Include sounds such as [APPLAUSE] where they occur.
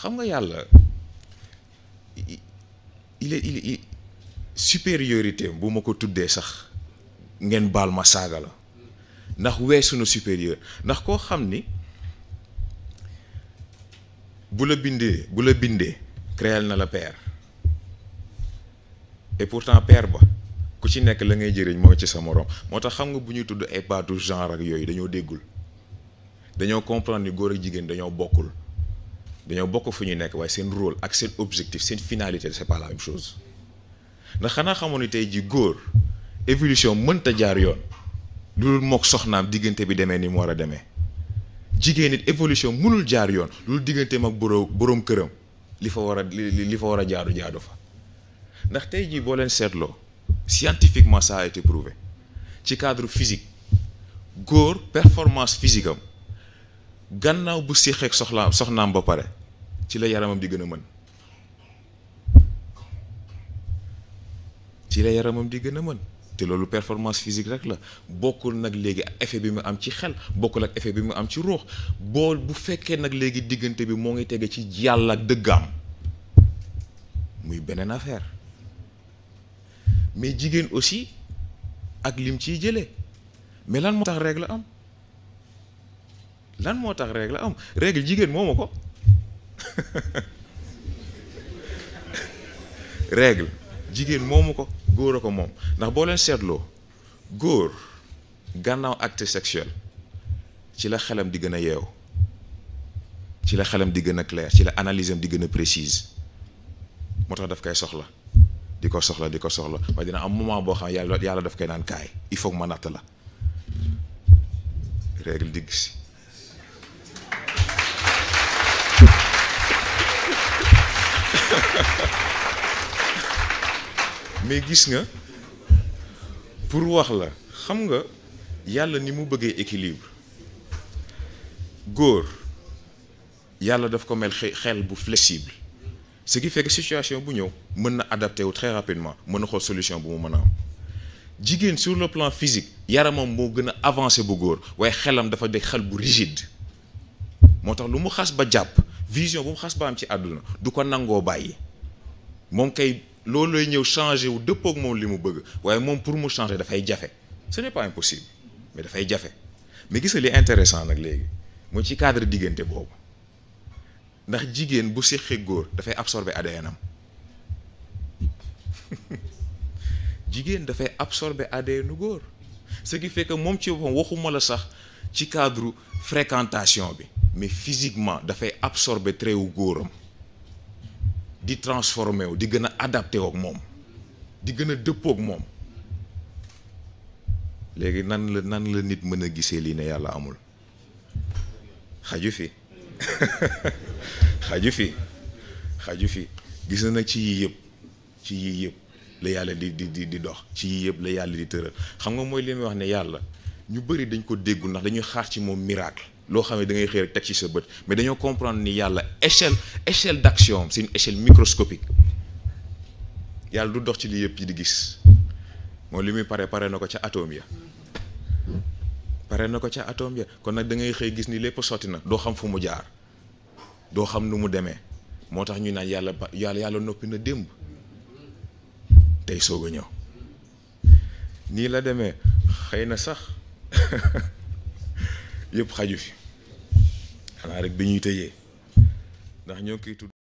xam nga il est il est supériorité bu ma ko tuddee sax ngeen baal ma saaga la ndax weesu supérieur ndax koo xam bu la bindee bu la créel na la père et pourtant père ba ku ci nekk la ngay jëriñ ci sa morom moo tax xam nga bu ñuy tudd ay du genre ak déggul comprendre ni góor ak jigéen dañoo bokk fu ñu nekk waaye seen rôle ak seen objectif seen finalité c'est pas la même chose ndax xanaa xamoon ni tey ji góor évolution mënta jaar yoon lu dul mook soxnaam diggante bi demee ni mu war a demee jigéen it évolution mënul jaar yoon lu dul ak borom borom këram li fa war a li fa war a jaadu jaadu fa ndax tey jii boo leen seetloo scientifiquement ça a été prouvé ci cadre physique góor performance physique am gannaaw bu séexee soxlaam soxnaam ba pare ci la yaramam di gën a mën ci la yaramam di gën a mën te loolu performance physique rek la bokkul nag léegi effet bi mu am ci xel bokkul ak effet bi mu am ci ruux boo bu fekkee nag léegi diggante bi moo ngi tege ci yàlla ak dëggaam muy beneen affaire mais jigéen aussi ak lim ciy jëlee mais lan moo tax règle am lan moo tax règle am règle jigéen moomu ko. [LAUGHS] règle jigéen moomu ko góor a ko moom ndax boo leen seetloo góor gànnaaw acte sexuel ci la xelam di gën a yeew ci la xelam di gën a clair ci la analyse di gën a précise moo tax daf koy soxla di ko soxla di ko soxla waaye dina am moment boo xam yàlla yàlla daf koy naan kaay il faut ma natt la règle digg si mais gis nga pour wax la xam nga yalla ni mu bëggee équilibre góor yalla daf ko mel xel bu flexible ce qui fait que situation bu ñëw mën na adapté wu très rapidement mën na solution bu mu mëna am sur le plan physique yaramam mo gëna avancer bu góor way xelam dafa de xel bu rigide motax lu mu xass ba japp vision bu mu xass ba am ci aduna du ko nango bàyyi mom kay loolu lay changer wu dëppoog moom li mu bëgg waye mom pour mu changer fay jafé ce n'est pas impossible mais fay jafé mais gis li intéressant nak légui mooy ci cadre digënté bobu ndax jigéen bu goor da fay absorber ADN am [LAUGHS] da fay absorber ADN goor ce qui fait que mom ci waxuma la sax ci cadre fréquentation bi mais physiquement fay absorber trait wu di transformé wu di gën a adapté wook moom di gën a dëppook moom léegi nan la nan la nit mën a gisee lii ne yàlla amul xaju fi [LAUGHS] xaju fi xaju fi gis na nag ci yii yëpp ci yii yëpp la yàlla di di di dox ci yii yëpp la yàlla di tëral xam nga mooy li muy wax ne yàlla ñu bëri dañ ko déggu ndax dañuy xaar ci moom miracle lo xamé da ngay xey rek tek ci sa bët mais dañu comprendre ni yalla échelle échelle d'action c'est une échelle microscopique yalla du dox ci li yépp yi di gis mo limi paré paré nako ci atome ya paré nako ci atome ya kon nak da ngay xey gis ni lépp soti na do xam fu mu jaar do xam nu mu démé motax ñu naan yalla yalla yalla nopi na demb tay soog a ni la démé xeyna sax [LAUGHS] yépp xaju fi xanaa rek bi ñuy tëjee ndax ñoo koy tudd